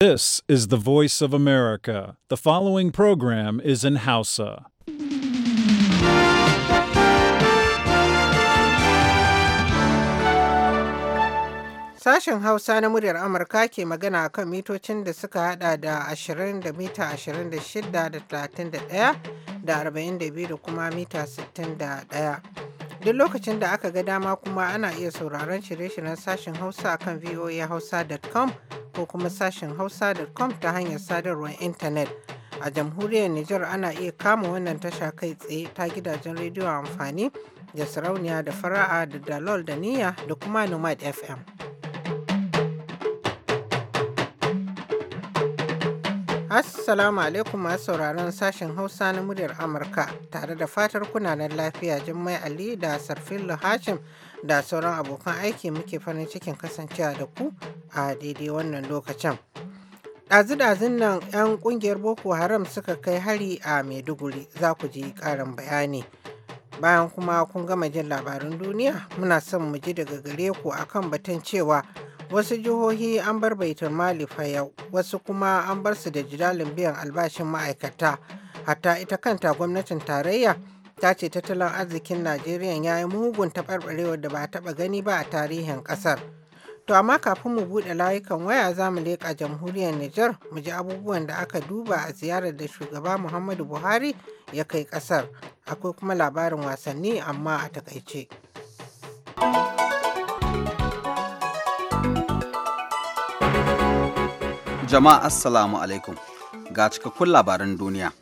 This is the voice of America. The following program is in Hausa. Sashen Hausa na muryar Amurka ke magana kan mitocin da suka hada da 20 da mita 26 da 31 da 42 da kuma mita 61. Duk lokacin da aka ga dama kuma ana iya sauraron shirye-shiryen sashen Hausa kan voahausa.com ko kuma sashen hausa.com ta hanyar sadarwar intanet. A jamhuriyar Nijar ana iya kama wannan tasha kai tsaye ta gidajen rediyo amfani da sarauniya da fara'a da dalol da niyya da kuma Nomad FM. Assalamu alaikum masu sauraron sashen Hausa na muryar Amurka tare da fatar kunanan lafiya Jummai Ali da Sarfin Hashim da sauran abokan aiki muke farin cikin kasancewa da ku a daidai wannan lokacin. Ɗazu-ɗazun nan 'yan ƙungiyar Boko Haram suka kai hari a Maiduguri za ku ji ƙarin bayani. Bayan kuma kun gama jin labarin duniya muna son mu ji daga gare ku akan batun cewa Wasu jihohi an bar baitul mali fa yau, wasu kuma an bar su da jidalin biyan albashin ma'aikata. Hatta ita kanta gwamnatin tarayya ta ce tattalin arzikin Najeriya ya yi mugun taɓarɓarewar da ba a taɓa gani ba a tarihin ƙasar. To amma kafin mu buɗe layukan waya za mu leƙa jamhuriyar Nijar mu ji abubuwan da aka duba a ziyarar da shugaba Muhammadu Buhari ya kai ƙasar. Akwai kuma labarin wasanni amma a takaice. Jama'a Assalamu alaikum ga cikakkun labaran duniya.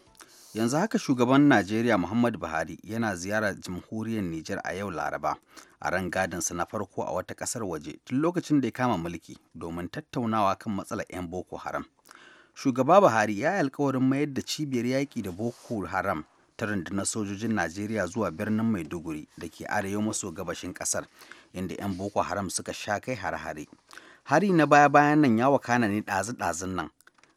Yanzu haka shugaban Najeriya Muhammadu Buhari yana ziyarar jamhuriyar Nijar a yau Laraba a ran gadinsa na farko a wata ƙasar waje tun lokacin da ya kama mulki domin tattaunawa kan matsalar 'yan Boko Haram. Shugaba Buhari ya yi alkawarin mayar da cibiyar yaƙi da Boko Haram ta rundunar sojojin Najeriya zuwa birnin Maiduguri da ke arewa maso gabashin ƙasar inda 'yan Boko Haram suka sha kai hare-hare. hari na baya-bayan nan ya wakana ne ɗazu-ɗazun nan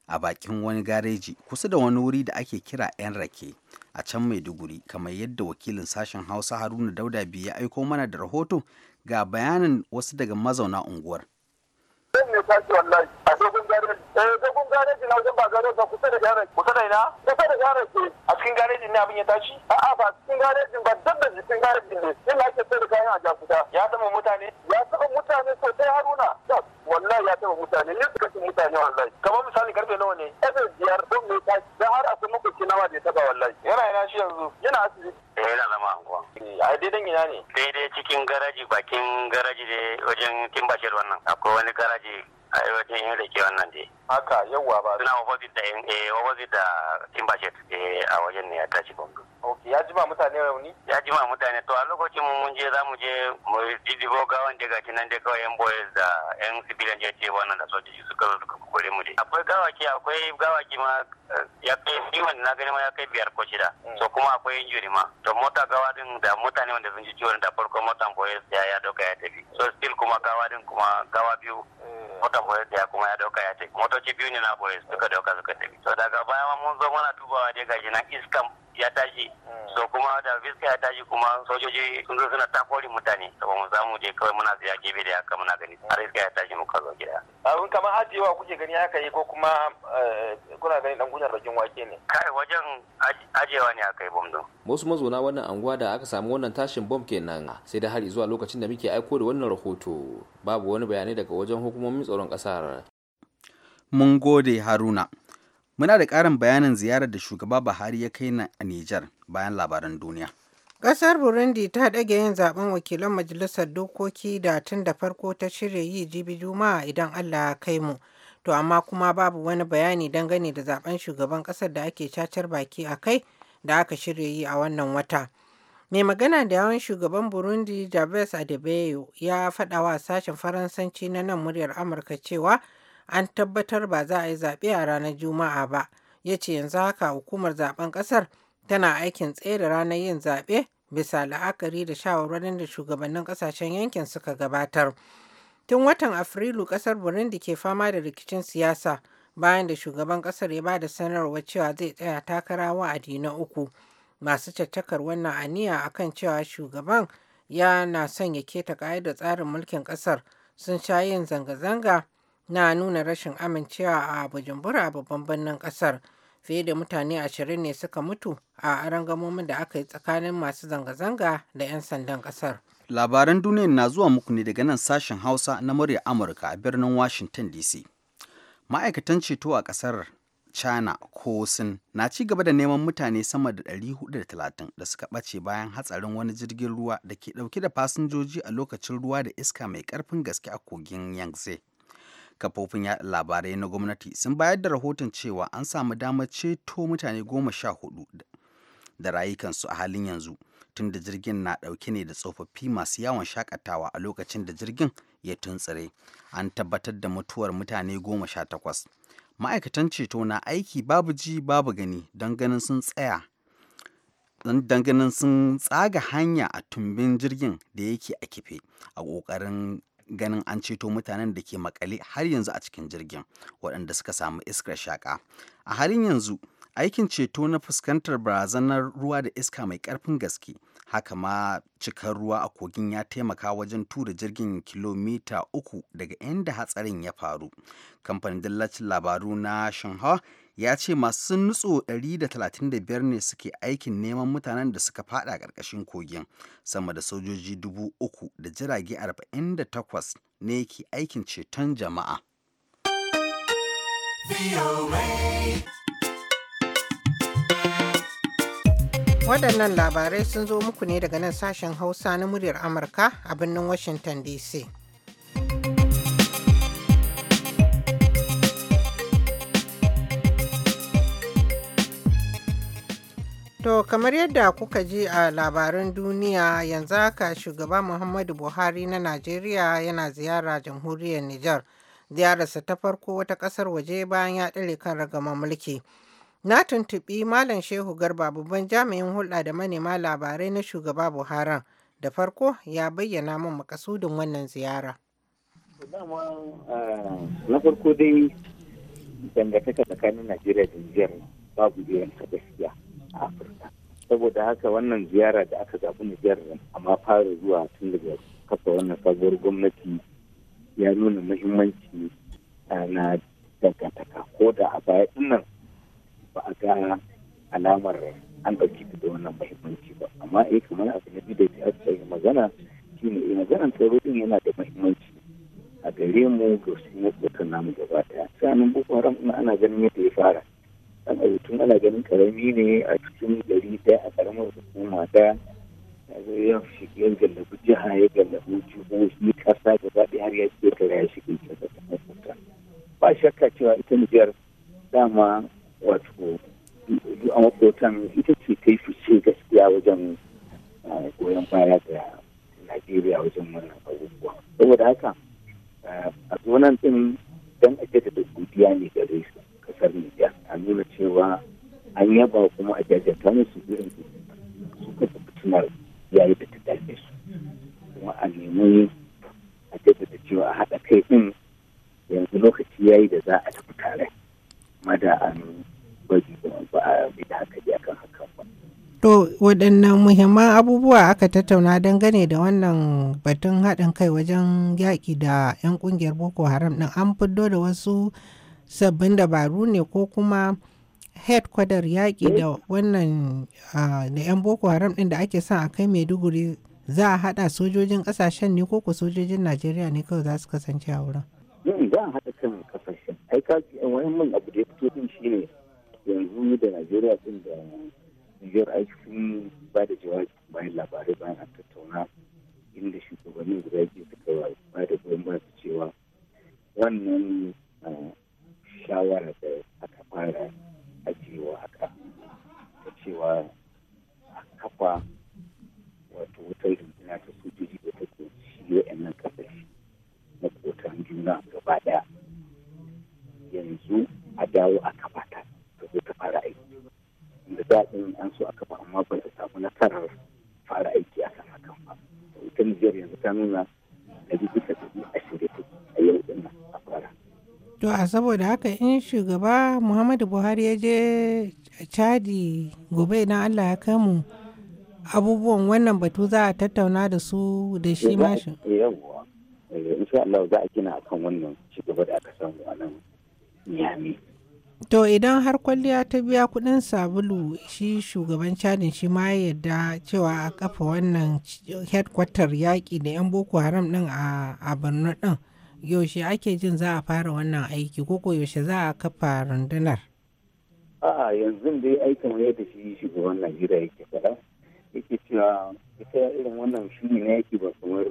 a bakin wani gareji kusa da wani wuri da ake kira 'yan rake a can maiduguri kamar yadda wakilin sashen hausa haruna dauda biyu ya aiko mana da rahoto ga bayanin wasu daga mazauna unguwar Zan ne tashi wallahi a dogon gareji. Eh dogon gareji na wajen ba gareji ba kusa da gareji. Kusa da ina? Kusa da gareji. A cikin gare garejin ne abin ya tashi? a ba cikin garejin ba duk da cikin gare garejin ne. Ina ake sai da kayan a jakuta. Ya taɓa mutane? Ya taɓa mutane sosai Haruna. Wallahi ya taɓa mutane. Ni suka ci mutane wallahi. Kamar misali karfe nawa ne? Karfe biyar don ne tashi. Da har akwai makwabci nawa da ya taɓa wallahi. Yana yana shi yanzu. Yana asibiti. Eh, yana a daidan gina ne daidai cikin garaji bakin garaji da wajen timbashir wannan akwai wani garaji a wajen yin rake wannan dai haka yawwa ba suna opposite da eh, da timbashir eh, a wajen ne ya tashi bombe ok ya jima mutane rauni ya jima mutane to a lokacin mun je za mu je mu didibo wanda ga kinan da kawai yan boys da yan civilian ya ce wannan da sojoji suka zo suka kore mu dai akwai gawaki akwai gawaki ma eh, ya kai biman na gani ma ya kai biyar ko shida mm. so kuma akwai injury ma to mota gawa din da mutane wanda sun ji ciwon da farko motan boys ya ya doka ya tafi so still kuma gawa din kuma gawa biyu mm. motan boys ya kuma ya doka ya tafi motoci biyu ne na boys suka doka suka tafi so daga baya ma mun zo muna dubawa dai gashi nan iskan ya tashi hmm. so kuma da fiska ya tashi kuma sojoji sun zo suna takorin mutane to ba mu samu je kawai muna tsaya gefe da haka muna gani har iska ya tashi muka zo gida abin kamar ajiyewa kuke gani haka yi ko kuma eh, kuna gani dan gudan bakin wake ne kai wajen ajiyewa ne aka yi bom din wasu mazauna wannan anguwa da aka samu wannan tashin bom kenan sai da har zuwa lokacin da muke aiko da wannan rahoto babu wani bayanai daga wajen hukumomin tsaron kasar mun gode haruna Muna da ƙarin bayanin ziyarar da shugaba Buhari ya kai na a Nijar bayan labaran duniya. Ƙasar Burundi ta ɗage yin zaben wakilan majalisar dokoki da tun da farko ta shirya yi jibi Juma'a idan Allah ya kai mu. To amma kuma babu wani bayani dangane da zaben shugaban ƙasar da ake cacar baki a kai da aka shirya yi a wannan wata. Mai magana da yawan shugaban Burundi Jabez Adebayo ya faɗa wa sashen Faransanci na nan muryar Amurka cewa an tabbatar ba za a yi zaɓe a ranar Juma'a ba, ya ce yanzu haka hukumar zaben ƙasar tana aikin tsere ranar yin zaɓe bisa la'akari da shawarwarin da shugabannin ƙasashen yankin suka gabatar. Tun watan Afrilu ƙasar Burundi ke fama da rikicin siyasa bayan da shugaban ƙasar ya ba da sanarwar cewa zai tsaya takara wa'adi na uku. Masu caccakar wannan aniya kan cewa shugaban yana son ya keta ƙa'idar tsarin mulkin ƙasar sun sha yin zanga-zanga na nuna rashin amincewa a Bujumbura babban birnin kasar fiye da mutane ashirin ne suka mutu a rangamomin da aka yi tsakanin masu zanga-zanga da 'yan sandan kasar. Labaran duniya na zuwa muku ne daga nan sashen Hausa na murya Amurka a birnin Washington DC. Ma'aikatan ceto a kasar China ko Sin na ci gaba da neman mutane sama da 430 da suka ɓace bayan hatsarin wani jirgin ruwa da ke ɗauke da fasinjoji a lokacin ruwa da iska mai ƙarfin gaske a kogin Yangtze. kafofin yaɗa labarai na gwamnati sun bayar da rahoton cewa an samu damar ceto mutane goma sha hudu da rayukansu a halin yanzu tunda jirgin na ɗauke ne da tsofaffi masu yawon shakatawa a lokacin da jirgin ya tuntsire an tabbatar da mutuwar mutane goma sha takwas ma'aikatan ceto na aiki babu ji babu gani don ganin sun tsaya don sun tsaga hanya a tumbin jirgin da yake a kife a ƙoƙarin ganin an ceto mutanen da ke makale har yanzu a cikin jirgin waɗanda suka samu iskar shaƙa a halin yanzu aikin ceto na fuskantar barazanar ruwa da iska mai ƙarfin gaske haka ma cikar ruwa a kogin ya taimaka wajen tura jirgin kilomita uku daga inda hatsarin ya faru kamfanin dillacin labaru na shanghai ya ce masu nutso 135 ne suke aikin neman mutanen da suka fada ƙarƙashin kogin sama da sojoji 3,000 da jirage 48 ne ke aikin ceton jama'a. waɗannan labarai sun zo muku ne daga nan sashen hausa na muryar amurka a birnin washington dc To kamar yadda kuka ji a labaran duniya yanzu haka shugaba Muhammadu Buhari na Najeriya yana ziyara jamhuriyar Nijar. Ziyararsa ta farko wata ƙasar waje bayan ya ɗale kan ragaman mulki. Na tuntuɓi Malam Shehu Garba babban jami'in hulɗa da manema labarai na shugaba Buharan. Da farko ya bayyana min makasudin wannan ziyara. Ah, na farko dai dangantaka tsakanin Najeriya da Nijar babu gaskiya. saboda haka wannan ziyara da aka zaɓi nijar amma fara zuwa tun daga kafa wannan sabuwar gwamnati ya nuna muhimmanci na dangantaka ko da a baya dinnan ba a ga alamar an ɗauki da wannan muhimmanci ba amma eh kamar abu na da ya aka yi magana shine eh maganar tsaro din yana da muhimmanci a gare mu ga su mutum namu gaba ɗaya sanin bukwaran ana ganin yadda ya fara dan tun ana ganin karami ne a cikin gari ɗaya a karamar hukuma ta ya yan shige yan gallabu jiha ya gallabu jihohi kasa da zaɓi har ya ce kare ya da ta kasa ba shakka cewa ita Nijar dama wato a makotan ita ce ta yi fice gaskiya wajen goyon baya da Najeriya wajen wannan abubuwa. Saboda haka a zonan ɗin don ake da godiya ne gare su. kasar Nijar a nuna cewa an yaba kuma a jajjata musu irin su ka fitinar yayi da ta dame su kuma a nemi a jajanta cewa a haɗa kai ɗin yanzu lokaci yayi da za a tafi tare amma da an gwaji ba a bi da haka akan haka ba. To waɗannan muhimman abubuwa aka tattauna dangane da wannan batun haɗin kai wajen yaƙi da 'yan ƙungiyar Boko Haram ɗin an fiddo da wasu sabbin dabaru ne ko kuma headquarter yaƙi da eh. wannan da 'yan boko haram ɗin da ake son a kai maiduguri za a haɗa sojojin ƙasashen ne ko ku sojojin najeriya ne kawai za su kasance a wurin za a haɗa kan ƙasashen ai ka wani abu da ya fito din shi yanzu da najeriya din da niger aiki sun ba da jawabi bayan labarai bayan an tattauna inda shugabannin guda biyu suka ba da goyon ba su cewa wannan shawara da aka fara ajiyewa haka da cewa a kafa wata saboda haka in shugaba muhammadu buhari ya je chadi gobe idan allah ya kai mu abubuwan wannan batu za a tattauna da su da shi mashin eh, eh, Allah za a gina kan wannan shugaba da aka samu a nan To idan har kwalliya ta biya kudin sabulu shi shugaban cadin shi ma yadda cewa a kafa wannan headquarter yaƙi da 'yan boko haram ɗin a birnin ɗin. yaushe ake jin za a fara wannan aiki ko yaushe za a kafa rundunar a'a yanzu dai aikin da shi shugaban najeriya yake ya yake cewa ita irin wannan shiri na yake ba kamar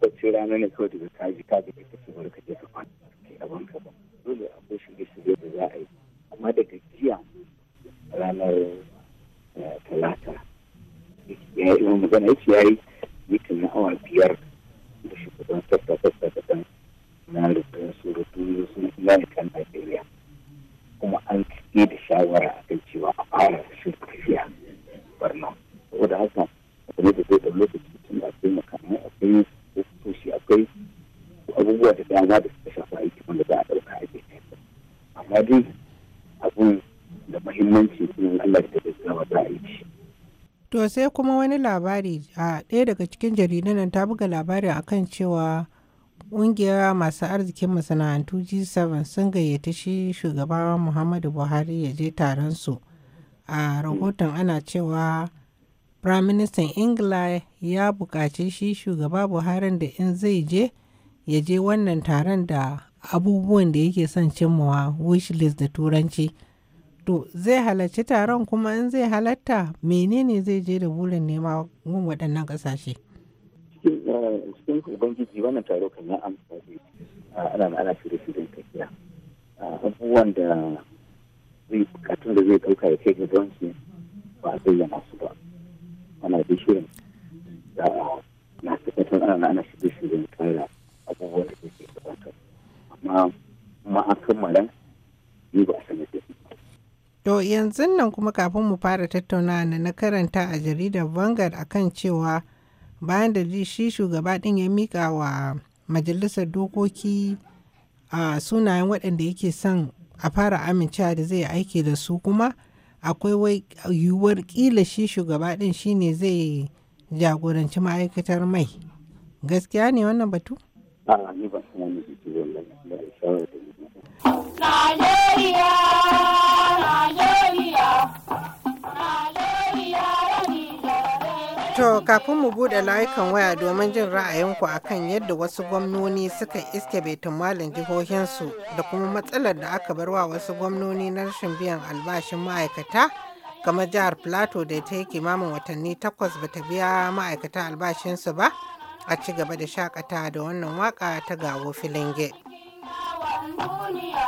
bacci rana ne kawai daga kaji kaji ka kake bari ka je ka kwana kai abin ka ba dole akwai shige-shige da za a yi amma daga jiya ranar eh, talata ya yi magana ya ce ya yi mitin na awa biyar shawara a kan cewa a fara rashin tafiya barna saboda haka ne da zai da lokaci tun da akwai makamai akwai ofisoshi akwai abubuwa da dama da suka shafa aiki wanda za a ɗauka aiki amma dai abun da mahimmanci kuma Allah da da zama za aiki. To sai kuma wani labari a ɗaya daga cikin jaridunan ta buga labari akan cewa Ƙungiyar masu arzikin masana'antu G7 sun gayyata shi shugaba Muhammadu Buhari ya je taron su. A rahoton ana cewa Firaministan Ingila ya buƙaci shi shugaba Buhari da in zai je ya je wannan taron da abubuwan da yake son cimmawa wish list da turanci. To zai halarci taron kuma in zai halatta menene zai je da burin nema waɗannan ƙasashe. cikin eh, cikin ubangiji wannan taro kan ya amfani ah, ana ana shirye-shiryen tafiya ah, abubuwan da zai bukatun da zai dauka ya kai gaban shi ba zai yana su ba ana da shirin da na tabbatar ana ana shirye shirye tsara abubuwan da zai gabatar amma ma an kammala ni ba a sanar da su To yanzu nan kuma kafin mu fara tattaunawa na karanta a jaridar Vanguard akan cewa bayan da shi shugaba din ya mika wa majalisar dokoki a sunayen waɗanda yake son a fara amincewa da zai aiki da su kuma akwai yiwuwar kila shi shugaba ɗin shine zai jagoranci ma'aikatar mai gaskiya ne wannan batu? nigeria nigeria. To kafin mu buɗe layukan waya domin jin ra'ayinku akan yadda wasu gwamnoni suka iske betin malin jihohinsu da kuma matsalar da aka bar wa wasu gwamnoni na rashin biyan albashin ma'aikata kamar jihar Plateau da ta yi kimamin watanni takwas ba ta biya ma'aikata albashinsu ba a ci gaba da shakata da wannan waka ta gawo filinge. Duniya,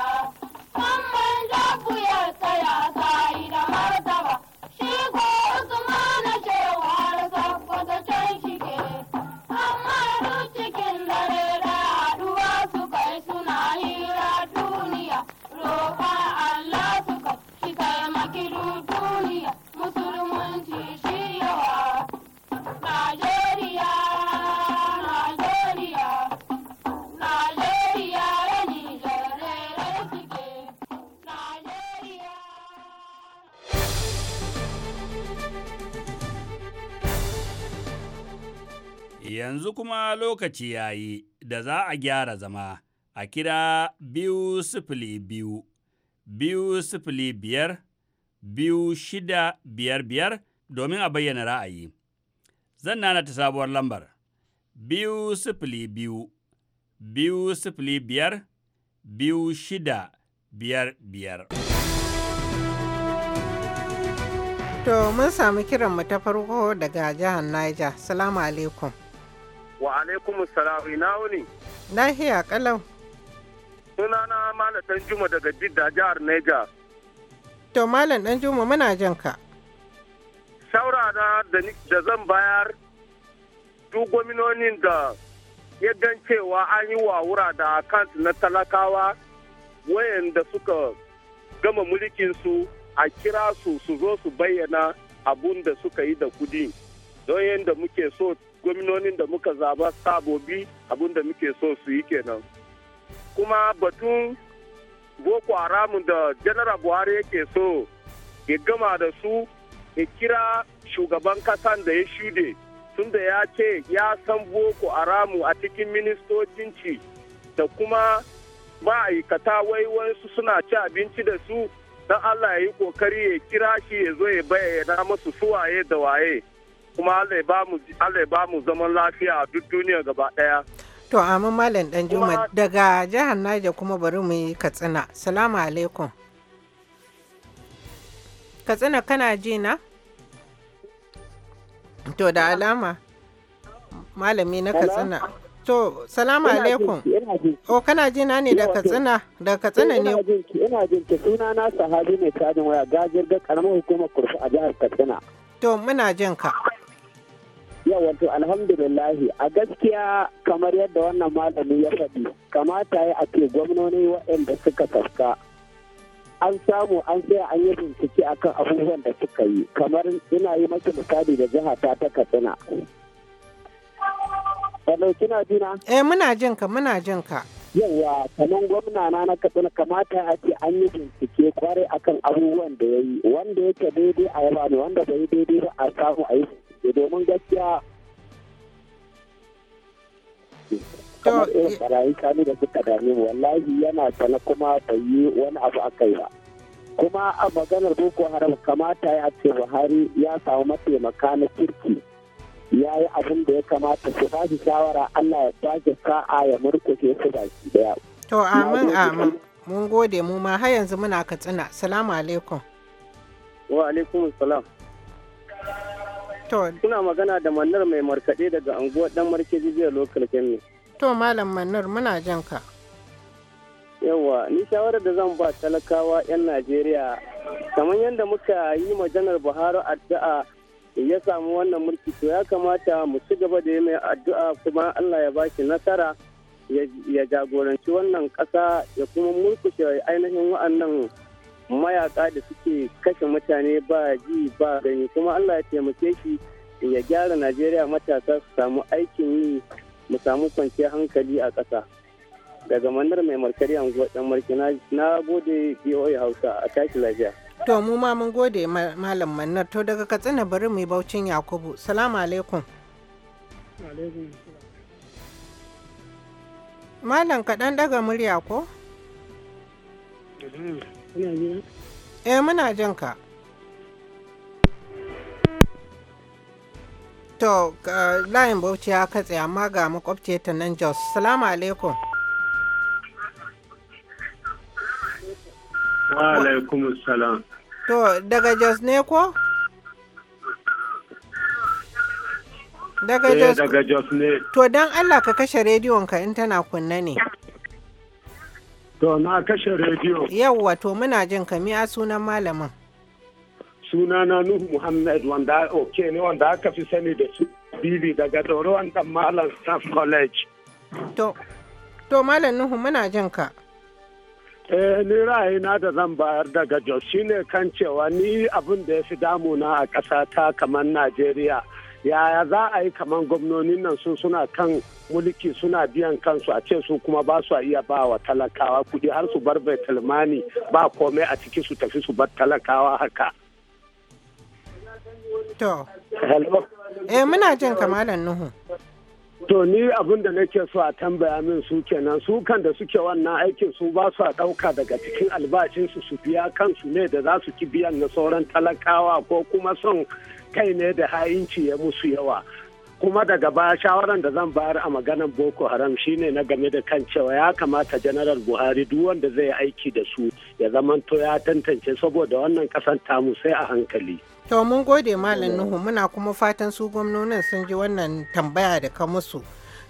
kuma lokaci ya yi da za a gyara zama a kira biyu sifili biyu, biyu sifili biyar, biyu shida biyar biyar domin a bayyana ra'ayi. Zan nana ta sabuwar lambar, biyu sifili biyu, biyu sifili biyar, biyu shida biyar biyar. To mun samu kiranmu ta farko daga jihar Niger. Salamu alaikum. Wa alaikum salam ina wuni. Lahiya kalau. Sunana Malam Danjuma daga Jidda jihar Neja. To Malam Danjuma muna jan ka. Shaurana da zan bayar duk gwamnonin da ya cewa an yi wawura da akant na talakawa wayanda suka gama mulkin su a kira su su zo su bayyana abun da suka yi da kudi don yadda muke so gwamnonin da muka zaba sabobi abin da muke so su yi kenan kuma batun boko haramun da general buhari yake so ya gama da su ya kira shugaban kasan da ya shude tunda ya ce ya san boko haramu a cikin ministocin ci da kuma ma'aikata wai wasu suna ci abinci da su don allah ya yi kokari ya kira shi ya zo ya bayyana masu suwaye da waye kuma Allah ya ba mu zaman lafiya a duk duniya gaba daya. To amma Malam Juma, daga jihar Naija kuma bari mu yi Katsina. Salamu alaikum. Katsina kana ji na? To da alama. Malami na Katsina. To salamu alaikum. O oh, kana ji na ne da Katsina? Da Katsina ne. Eh, ina jin ki suna na sahabi mai tajin waya ga karamar hukumar kurfi a jihar Katsina. To muna jin ka. yawa wato alhamdulillahi a gaskiya kamar yadda wannan malami ya faɗi kamata ya ake gwamnoni waɗanda suka tafka an samu an tsaya an yi bincike akan abubuwan da suka yi kamar ina yi maki misali da jiha ta ta katsina Hello, kina jina? Eh, muna jin ka, muna jin ka. Yawa, kamar gwamna na na katsina kamata ya ce an yi bincike kwarai akan abubuwan da ya yi, wanda yake daidai a yaba ne, wanda bai daidai ba a samu a yi domin gaskiya kamar irin kanu da suka dame wallahi yana sana kuma bai yi wani abu a yi ba kuma a maganar boko haram kamata ya ce buhari ya samu mataimaka na kirki ya yi abin da ya kamata su ba shi shawara allah ya sake sa'a ya murkushe su baki daya to amin amin mun gode mu ma har yanzu muna katsina salamu alaikum wa alaikum salam Kuna magana da Mannar mai markaɗe daga anguwar ɗan markeji jiya lokal kemi. To Malam Mannar muna jan ka. Yawwa, ni shawarar da zan ba talakawa 'yan Najeriya kamar yadda muka yi ma janar Buhari addu'a ya samu wannan mulki to ya kamata mu ci gaba da yi mai addu'a kuma Allah ya ba shi nasara ya jagoranci wannan ƙasa ya kuma mulkushe ainihin wa'annan mayaka da suke kashe mutane ba ji ba gani kuma Allah ya taimake shi ya gyara Najeriya matasa su samu aikin yi mu samu kwanciyar hankali a ƙasa. Daga manar mai markari anguwa ɗan marki na gode BOA Hausa a tashi lafiya. To mu ma mun gode malam manar to daga Katsina bari mu baucin Yakubu. Salamu alaikum. Malam kaɗan daga murya ko? Eh muna jin ka. To layin bauchi ya katse amma ga makwabce ta nan Jos. Salamu alaikum. Wa alaikum salam. To daga Jos ne ko? Daga eh, Jos. Daga Jos ne. To don Allah ka kashe rediyon ka in tana kunna ne. To na kashe rediyo. Yawwa to muna jin ka miya sunan malamin. Sunana Nuhu Muhammad wanda oke ne wanda aka fi sani da su Bibi daga Doron dan Malam Staff College. To, to Malam Nuhu muna jin ka. Eh, ni ra'ayina da zan bayar daga Jos shine kan cewa ni abin da ya fi damuna a ƙasata kamar Najeriya. yaya za a yi kamar gwamnonin nan sun suna kan mulki suna biyan kansu a ce su kuma ba su iya ba wa talakawa kudi har su bar bai ba komai a ciki su tafi su bar talakawa haka. To. Eh muna jin kamalan Nuhu. To ni abin da nake so a tambaya min su kenan su kan da suke wannan aikin su ba su a ɗauka daga cikin albashinsu su biya kansu ne da za su ki biyan na sauran talakawa ko kuma son kai ne da ha'inci ya musu yawa. kuma daga baya shawaran da zan bayar a maganan boko haram shine na game da kan cewa ya kamata janaral buhari duk wanda zai aiki da su ya zamanto ya tantance saboda wannan kasan tamu sai a hankali To mun gode Malam Nuhu muna kuma fatan su gwamnonin sun ji wannan tambaya da ka musu.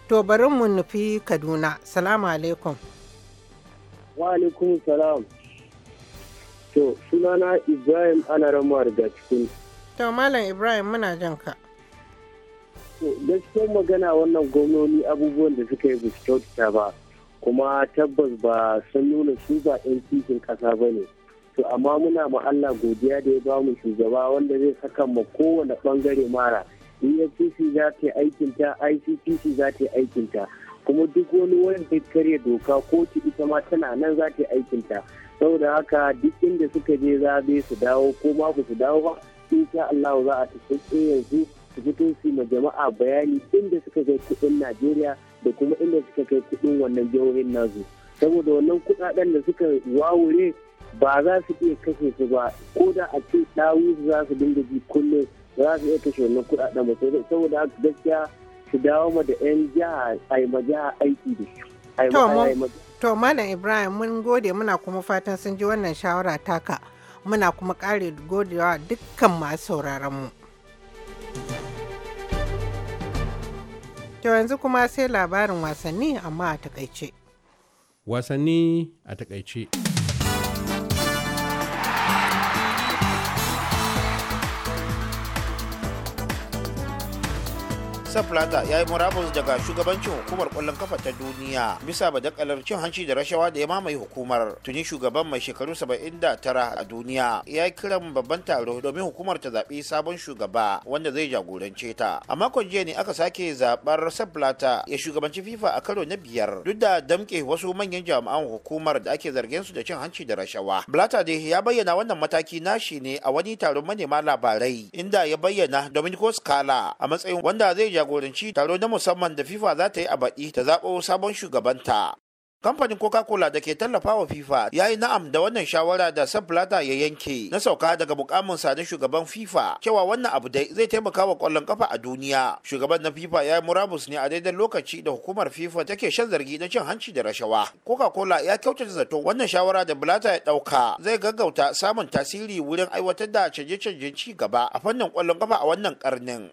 To bari mu nufi Kaduna. Salamu alaikum. Wa alaikum salam. To sunana Ibrahim ana ramuwa daga cikin. To Malam Ibrahim muna jan ka. To gaskiyar magana wannan gwamnoni abubuwan da suka yi ba ba kuma tabbas ba sun nuna su ba 'yan cikin ƙasa ba ne. to amma muna ma Allah godiya da ya ba mu shugaba wanda zai saka ma kowane bangare mara EFCC za ta yi aikinta ICCC za ta yi aikinta kuma duk wani wanda karya doka ko kotu ita ma tana nan za ta yi ta saboda haka duk inda suka je zabe su dawo ko ma su dawo ba insha Allah za a tafi yanzu su fito su ma jama'a bayani inda suka kai kudin Najeriya da kuma inda suka kai kudin wannan jihohin nasu saboda wannan kudaden da suka wawure ba za su iya kashe su ba ko da a ce dawu za su dinga ji kullum za su iya kashe wannan kuɗaɗen ba saboda haka gaskiya su dawo ma da 'yan jiha a yi aiki da shi. To Malam Ibrahim mun gode muna kuma fatan sun ji wannan shawara taka muna kuma ƙare godewa dukkan masu sauraron mu. To yanzu kuma sai labarin wasanni amma a takaice. Wasanni a takaice. plata ya yi murabus daga shugabancin hukumar kwallon kafa ta duniya bisa dakalar cin hanci da rashawa da ya mamaye hukumar tuni shugaban mai shekaru 79 a duniya ya yi kiran babban taro domin hukumar ta zaɓi sabon shugaba wanda zai jagorance ta a makon jiya ne aka sake zaɓar plata ya shugabanci fifa a karo na biyar duk da damke wasu manyan jami'an hukumar da ake zargin su da cin hanci da rashawa blata dai ya bayyana wannan mataki nashi ne a wani taron manema labarai inda ya bayyana dominico scala a matsayin wanda zai jagoranci taro na musamman da FIFA za ta yi a baɗi ta zaɓo sabon shugabanta. Kamfanin Coca-Cola da ke tallafa wa FIFA ya yi na'am da wannan shawara da Plata ya yanke na sauka daga mukamin na shugaban FIFA cewa wannan abu dai zai taimaka wa kwallon kafa a duniya. Shugaban na FIFA ya yi murabus ne a daidai lokaci da hukumar FIFA take shan zargi na cin hanci da rashawa. Coca-Cola ya kyautata zato wannan shawara da Plata ya ɗauka zai gaggauta samun tasiri wurin aiwatar da canje-canjen ci gaba a fannin kwallon kafa a wannan karnin.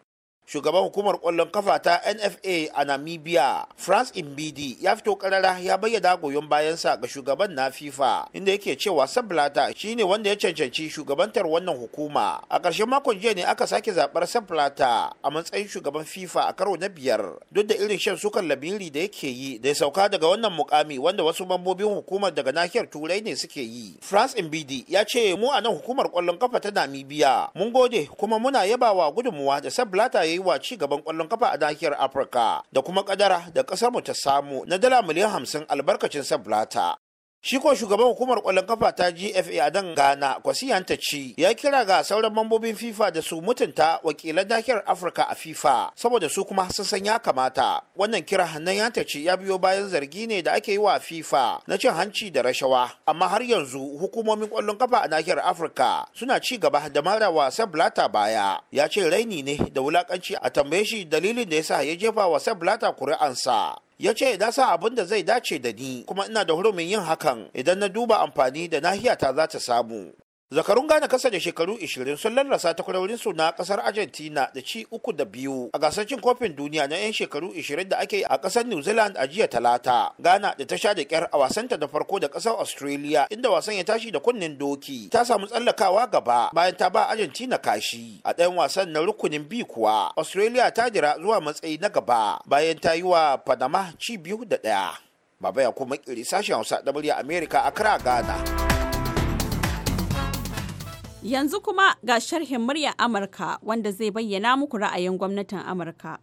shugaban hukumar kwallon kafa ta nfa a namibia france imbidi ya fito karara ya bayyana goyon bayansa ga shugaban na fifa inda yake cewa sablata shine wanda ya cancanci shugabantar wannan hukuma a ƙarshen makon jiya ne aka sake zaɓar sablata a matsayin shugaban fifa a karo na biyar duk da irin shan sukan lamiri da yake yi da ya sauka daga wannan mukami wanda wasu mambobin hukumar daga nahiyar turai ne suke yi france imbidi ya ce mu a nan hukumar kwallon kafa ta namibia mun gode kuma muna yabawa gudunmuwa da sablata ya yi wa ci gaban kwallon kafa a nahiyar Afirka da kuma kadara da kasar mu ta samu na dala miliyan hamsin albarkacin San Blata. Shi ko shugaban hukumar kwallon kafa ta GFA a dan Ghana kwasi ci ya kira ga sauran mambobin FIFA da su mutunta wakilan nahiyar Afirka a FIFA saboda su kuma sun san ya kamata. Wannan kira hannun yantaci ya biyo bayan zargi ne da ake yi wa FIFA na cin hanci da rashawa amma har yanzu hukumomin kwallon kafa a nahiyar Afirka suna ci gaba da mara wasa Blata baya. Ya ce raini ne da wulakanci a tambaye shi dalilin da ya sa ya jefa wasa Blata kuri'ansa. ya ce na sa abin da zai dace da ni kuma ina da hurumin yin hakan idan na duba amfani da nahiya ta za ta samu zakarun gane kasa da shekaru 20 sun lallasa su na kasar argentina da ci uku da biyu a gasar cin kofin duniya na 'yan shekaru 20 da ake a kasar new zealand a jiya talata ghana da ta sha da kyar a wasanta da farko da kasar australia inda wasan ya tashi da kunnen doki ta samu tsallakawa gaba bayan ta ba argentina kashi a ɗayan wasan na rukunin bi kuwa australia ta jira zuwa matsayi na gaba bayan ta yi wa panama ci biyu da ɗaya baba ya kuma kiri sashen hausa da murya america a kira ghana Yanzu kuma ga sharhin murya Amurka wanda zai bayyana muku ra'ayin gwamnatin Amurka.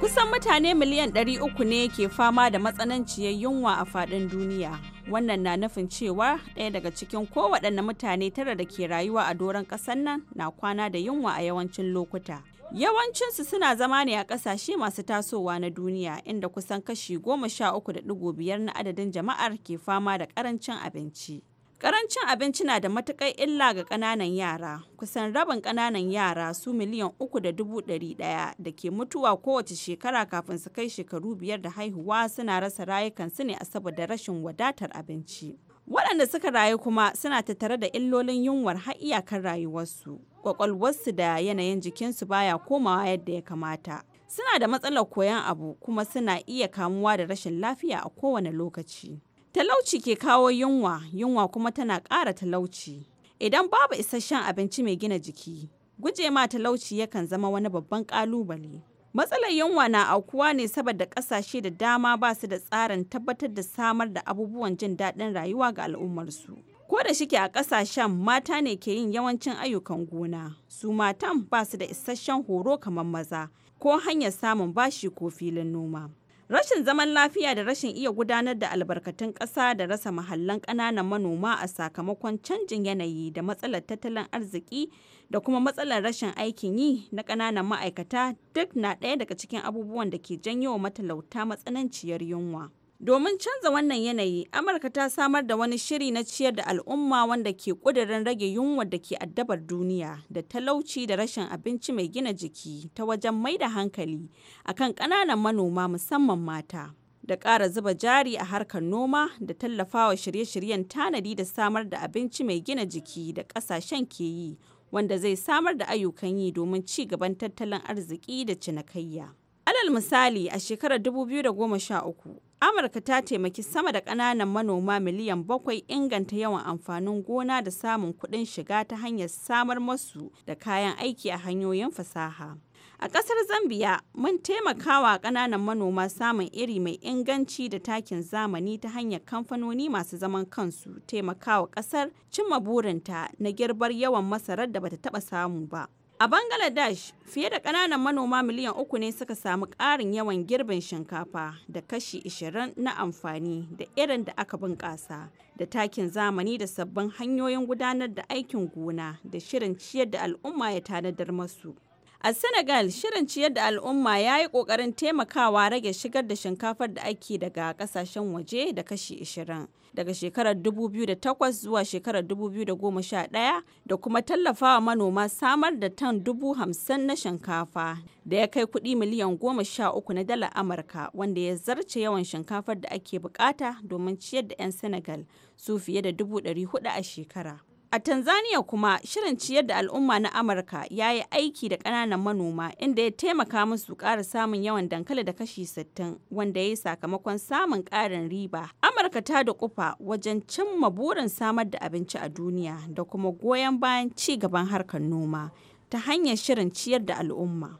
Kusan mutane miliyan 300 ne ke fama da matsananciyar yunwa a faɗin duniya. Wannan na nufin cewa ɗaya daga cikin kowaɗanne mutane tara da ke rayuwa a doron ƙasar nan na kwana da yunwa a yawancin lokuta. Yawancinsu suna zama ne a ƙasashe masu tasowa na duniya inda kusan kashi goma sha uku da biyar na adadin jama'ar ke fama da ƙarancin abinci. Ƙarancin abinci na da matuƙar illa ga ƙananan yara. Kusan rabin ƙananan yara su miliyan uku da dubu ɗari ɗaya, da ke mutuwa kowace shekara kafin su kai shekaru biyar da haihuwa suna rasa rayukansu ne a saboda rashin wadatar abinci. Waɗanda suka rayu kuma suna tattare da illolin yunwar har iyakar rayuwarsu. kwakwalwarsu da yanayin jikinsu baya komawa yadda ya kamata. Suna da matsalar koyon abu kuma suna iya kamuwa da rashin lafiya a kowane lokaci. Talauci ke kawo yunwa, yunwa kuma tana ƙara talauci. Idan babu isasshen abinci mai gina jiki, guje ma talauci yakan zama wani babban ƙalubale. Matsalar yunwa na aukuwa ne saboda ƙasashe da dama ba su da tsarin tabbatar da samar da abubuwan jin daɗin rayuwa ga al'ummarsu. Ko da shike a ƙasashen mata ne ke yin yawancin ayyukan gona, su matan ba su da isasshen horo kamar maza ko hanyar samun bashi ko filin noma. Rashin zaman lafiya da rashin iya gudanar da albarkatun ƙasa da rasa mahallan ƙananan manoma a sakamakon canjin yanayi da matsalar tattalin arziki da kuma matsalar rashin aikin yi na ƙananan ma'aikata duk na ɗaya daga cikin abubuwan da ke janyo matalauta matsananciyar yunwa. Domin canza wannan yanayi, Amurka ta samar da wani shiri na ciyar da al'umma wanda ke kudirin rage yunwa da ke addabar duniya da talauci da rashin abinci mai gina jiki ta wajen mai da hankali akan ƙananan manoma musamman mata. Da ƙara zuba jari a harkar noma da tallafawa shirye-shiryen tanadi da samar da abinci mai gina jiki da ƙasashen ke yi wanda zai samar da ayyukan yi domin ci gaban tattalin arziki da cinikayya. Alal misali a shekarar 2013 Amurka ta taimaki sama da ƙananan manoma miliyan bakwai inganta yawan amfanin gona da samun kuɗin shiga ta hanyar samar masu da kayan aiki a hanyoyin fasaha. A ƙasar Zambiya, mun taimakawa ƙananan manoma samun iri mai inganci da takin zamani ta hanyar kamfanoni masu zaman kansu taimaka wa ƙasar cimma burinta na girbar yawan masarar da bata taɓa samu ba. A Bangladesh, fiye da kananan manoma miliyan uku ne suka samu ƙarin yawan girbin shinkafa da kashi 20 na amfani da irin da aka bunƙasa, da takin zamani da sabbin hanyoyin gudanar da aikin gona da shirin ciyar da al'umma ya tanadar masu. A Senegal, shirin ciyar da al'umma ya yi ƙoƙarin taimakawa rage shigar da shinkafar da ake daga ƙasashen waje da kashi 20 daga shekarar 2008 zuwa shekarar 2011 da kuma tallafawa manoma samar da tan 50,000 na shinkafa da ya kai kuɗi miliyan 13 na dalar Amurka wanda ya zarce yawan shinkafar da ake bukata domin ciyar da 'yan Senegal su fiye da 400 a shekara. A Tanzania kuma shirin ciyar da al'umma na Amurka ya yi aiki da ƙananan manoma inda ya taimaka musu ƙara samun yawan dankali da kashi sittin, wanda ya yi sakamakon samun ƙarin riba. Amurka ta da kufa wajen cimma burin samar da abinci a duniya da kuma goyon bayan ci gaban harkar noma ta hanyar shirin ciyar da al'umma.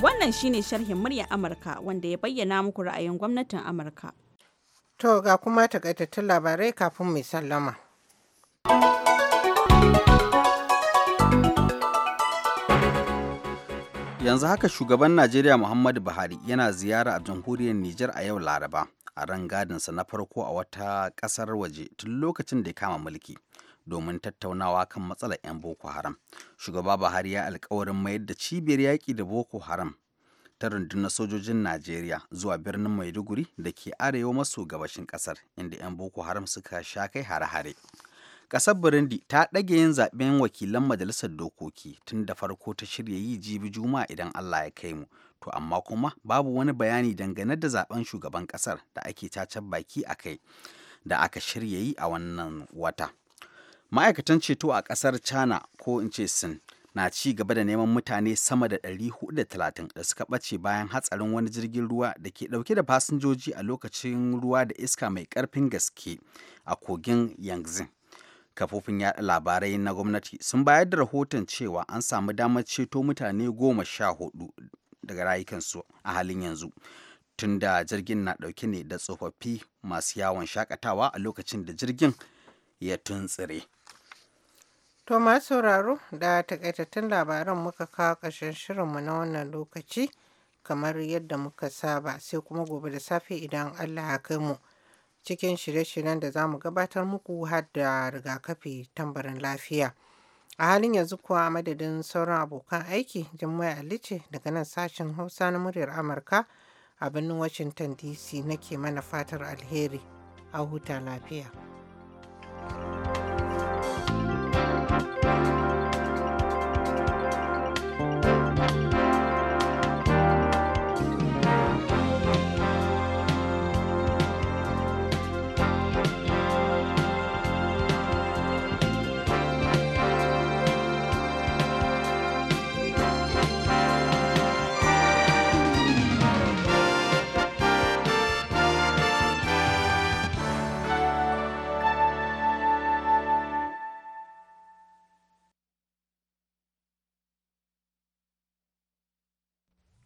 Wannan shine sharhin murya Amurka wanda ya bayyana muku ra'ayin gwamnatin Amurka. To ga kuma takaitattun labarai kafin mai sallama. yanzu haka shugaban najeriya muhammadu buhari yana ziyara a jamhuriyar nijar a yau laraba a ran gadinsa na farko a wata ƙasar waje tun lokacin da ya kama mulki domin tattaunawa kan matsalar 'yan boko haram shugaba buhari ya alkawarin mayar da cibiyar yaƙi da boko haram ta rundunar sojojin najeriya zuwa birnin maiduguri da ke arewa maso gabashin ƙasar inda 'yan boko haram suka sha kai hare-hare Ƙasar Burundi ta ɗage yin zaɓen wakilan majalisar dokoki tun da farko ta shirya yi jibi juma'a idan Allah ya kai mu. To amma kuma babu wani bayani dangane da zaɓen shugaban ƙasar da ake cacar baki a kai da aka shirya yi a wannan wata. Ma'aikatan ceto a ƙasar China ko in ce Sin na ci gaba da neman mutane sama da ɗari 430 da talatin da suka ɓace bayan hatsarin wani jirgin ruwa da ke ɗauke da fasinjoji a lokacin ruwa da iska mai ƙarfin gaske a kogin Yanxin. kafofin yaɗa labarai na gwamnati sun bayar da rahoton cewa an samu damar ceto mutane goma sha hudu daga rayukansu a halin yanzu tun da jirgin na ɗauke ne da tsofaffi masu yawon shakatawa a lokacin da jirgin ya tuntsire. To masu sauraro da takaitattun labaran muka kawo ƙarshen shirinmu na wannan lokaci kamar yadda muka saba sai kuma gobe da safe idan Allah ya kai mu. cikin shirye-shiryen da za mu gabatar muku har da rigakafi tambarin lafiya. A halin yanzu kuwa madadin sauran abokan aiki Jummai Alice daga nan sashen Hausa na muryar Amurka a birnin Washington DC nake mana fatar alheri a huta lafiya.